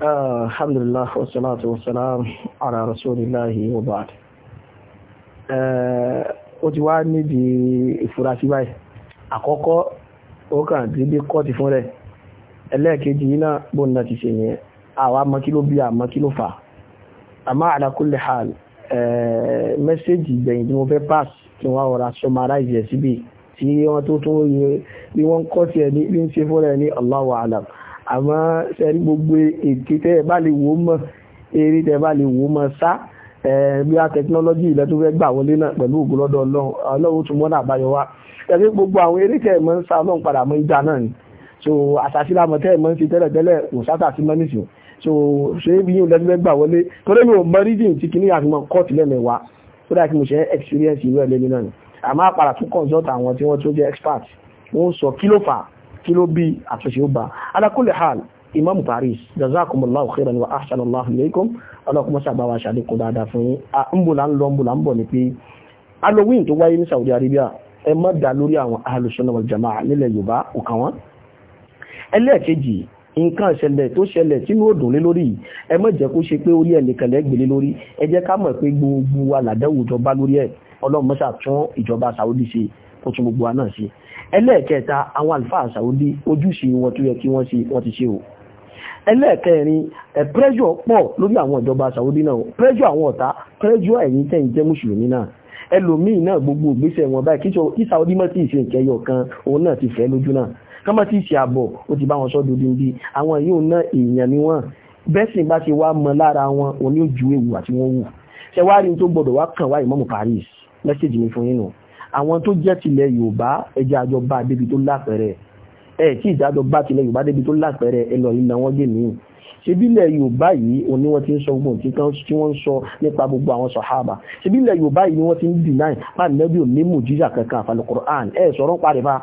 alhamdulillah wassalatu wassalam ala rasulillahi wa ba'd ó ti wá níbi ìfurasí báyìí àkọ́kọ́ ó kàn tí dé kọ́ọ̀tì fún rẹ̀ ẹlẹ́ẹ̀kejì iná bóńdà ti ṣe yẹn àwa mọ kí ló bí àmọ́ kí ló fà àmọ́ ala kulli hal mẹ́sẹ̀gì ìgbẹ̀yìn tí mo fẹ́ pass tí wọ́n rọra summarize ẹ̀ síbi tí wọ́n tó tún yẹ bí wọ́n kọ́ sí ẹ̀ ní bí ń ṣe fún rẹ̀ ní Allahu alam àmọ́ sẹ́rí gbogbo èké tẹ́ ẹ bá lè wò ó mọ̀ eré tẹ́ ẹ bá lè wò ó mọ̀ sá bí a tẹkinọ́lọ́jì ilẹ̀ tó fẹ́ gbà wọlé náà pẹ̀lú ògùn lọ́dọ̀ ọlọ́run tún mọ́nà àbáyọ wá ẹgbẹ́ gbogbo àwọn eré tẹ́ mọ́ ń sá ọlọ́run padà mọ́ ìjà náà ni so àtàsílámọ̀ tẹ́ ẹ mọ́ ń fi tẹ́lẹ̀ tẹ́lẹ̀ kò sátà sí mọ́nìsì so ṣé bí yóò lẹ́nu fẹ́ gbà wọlé torí mi ò mọ rídìn tí kìíní àfihàn kọ́ọ̀tù lẹ́mẹ̀wá so that mo ṣe experience irú ẹ̀ lẹ́ni náà ni àmọ́ àpàrà tún consult àwọn tí wọ́n tún jẹ́ expert wọ́n sọ kí ló fà á kí ló bí àtúnṣe ó bá ala kulli hal imam paris jazakumullahu khairan wa ahsanallahu ilaykum ọlọ́kùnmọ́ sàbáwà ṣàlékún dáadáa fún yín àmbùlà ń lọ mbùlà ń bọ̀ ní pé halloween tó wáyé ní saudi arabia ẹ má dá lórí àwọn ahlùsọ́nà wal jamaa nílẹ̀ yorùbá òkàn wọn ẹlẹ́ẹ̀kejì nǹkan ìṣẹ̀lẹ̀ tó ṣẹlẹ̀ sínú òdùn lé lórí ẹ má jẹ́ kó ṣe pé orí ẹnìkan lẹ́gbẹ̀lé lórí ẹ jẹ́ ká mọ̀ pé gbogbo alàdáwùjọba lórí ẹ̀ ọlọ́run tún ìjọba saudi ṣe ó tún gbogbo àná sí ẹlẹ́ẹ̀kẹta àwọn àlùfáà Saudi ojúṣe wọn tó yẹ kí wọ́n ṣe wọ́n ti ṣe o ẹlẹ́ẹ̀kẹrin ẹ̀ pressure pọ̀ lórí àwọn ìjọba Saudi náà pressure àwọn ọ̀tá pressure ẹ̀yìn tẹ̀yìn jẹ́ mùsùlùmí náà ẹlòmíì náà gbogbo ìgbésẹ̀ wọn báyìí kíjọ kí Saudi mọ́ tí ì ṣe ìkẹyọ kan òun náà ti fẹ́ lójú náà kọ́mọ́ tí ì àbọ̀ ó ti bá wọn sọ́dọ̀ dídí àwọn yìí òun èèyàn ni wọ́n bẹ́sìn bá ti wá mọ lára wọn òun ní ojú ewu àti wọ́n wù ṣẹwárí tó gbọdọ̀ wá kàn wá ìmọ̀mù Paris mẹ́sẹ̀jì mi fún yín nù àwọn tó jẹ́ tilẹ̀ yorùbá ẹjẹ́ àjọ bá débi tó lápẹ̀rẹ̀ ẹ̀ tí ìdájọ́ bá tilẹ̀ yorùbá débi tó lápẹ̀rẹ̀ ẹ ìlà wọn gé mìíràn ṣebílẹ̀ yorùbá yìí òun ni wọ́n ti ń sọ gbọ́n tí wọ́n ń sọ nípa gbogbo àwọn sọ̀hábà ṣebílẹ̀ yorùbá yìí ni wọ́n ti ń dìnáì pa nẹ́bí ò ní mùjíjà kankan àfàlẹ̀ Qur'an ẹ̀ sọ̀rọ̀ paripa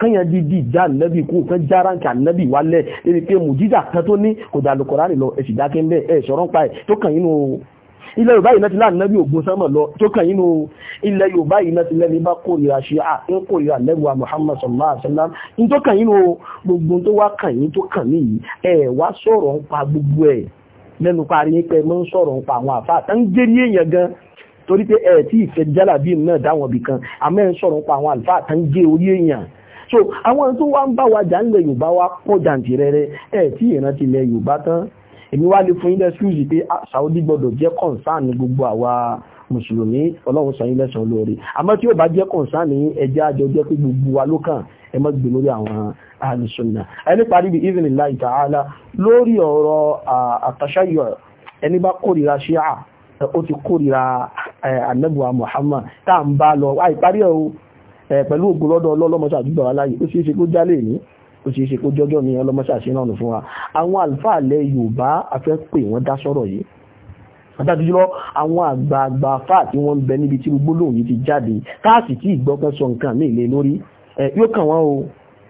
kányà dídì já nẹ́bí kú kán já ránkà nẹ́bí wálẹ̀ ebi pé mùjíjà kan tó lo kò lo lùkọ̀rán lọ ẹ̀sì dákẹ́ ń bẹ́ ẹ̀ sọ̀rọ̀ pa ẹ̀ tó kàn yín ilẹ̀ yorùbá yìí láti láàrin lẹ́bí ògùn sánmà lọ tó kàn yínú ilẹ̀ yorùbá yìí láti lẹ́ni bá kórìíra ṣe à ń kórìíra lẹ́wà muhammad sallallahu alaihi wasallam ní tó kàn yínú gbogbo tó wá kàn yín tó kàn mí yìí ẹ̀ wá sọ̀rọ̀ ń pa gbogbo ẹ̀ lẹ́nu parí ń pẹ́ mọ́ ń sọ̀rọ̀ ń pa àwọn àfa àtàǹgérí èèyàn gan torí pé ẹ̀ so àwọn tó wá ń bá wa jà ń lẹ yorùbá wa pọ̀ jàǹtì rẹ̀rẹ̀ ẹ̀ tí ìrántí lẹ yorùbá tán èmi wá lè fún ilẹ̀ ṣúùsì pé ah, Saudi gbọ́dọ̀ jẹ́ kọ̀ǹsáàní gbogbo àwa mùsùlùmí ọlọ́run sàn ilẹ̀ sàn lóore àmọ́ tí ó bá jẹ́ kọ̀ǹsáàní ẹjẹ́ àjọ jẹ́ pé gbogbo wa ló kàn ẹ mọ́ gbé lórí àwọn alùsùnà ẹni parí bí even Allah ta'ala lórí ọ̀rọ̀ àtàṣàyọ̀ ẹni bá kórìíra ṣíà ó ti kórìíra anabuwa Muhammad tá à ń bá lọ àìparí ẹ̀ pẹ̀lú ògùn lọ́dọ̀ ọlọ́lọ́mọṣà àdúgbò ó ṣe é ṣe kó jọ́jọ́ mi ọlọ́mọṣàṣe náà nù fún wa àwọn àlùfáà lẹ Yorùbá afẹ́ pè wọ́n dá sọ́rọ̀ yìí pàtàkì àwọn àgbààgbà fáà tí wọ́n ń bẹ níbi tí gbólóhùn yìí ti jáde káàsì tí ìgbọ́kàn sọ nǹkan mí lé lórí yóò kàn wọ́n o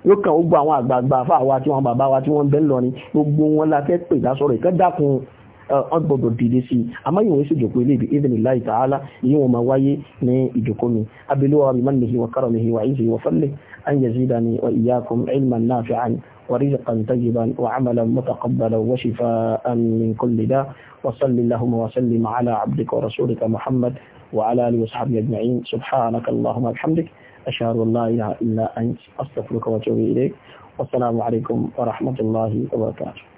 yóò kàn ó gbọ́ àwọn àgbààgbà fáà wa tí wọ́n bàbá wa tí wọ́n ń bẹ ńlọrin gbogbo wọn la Eh, ọgbọ̀gbọ̀ dìde sí àmá yíò sí ìjòkó ilé ibi ìdìní láì tààlá yíò wọn ma wáyé ní ìjòkó mi abilúwa bí man nìhí wa kárọ̀ nìhí wa ìzì wa fallẹ̀ an yà zídà ni wa iyakum ilman nafi'an wa rizqan tayyiban wa amalan mutaqabbalan wa shifaan min kulli da wa salli allahumma wa sallim ala abdika wa rasulika muhammad wa ala alihi wa subhanaka allahumma bihamdik ashhadu an ilaha illa ant astaghfiruka wa atubu ilayk والسلام عليكم ورحمة الله وبركاته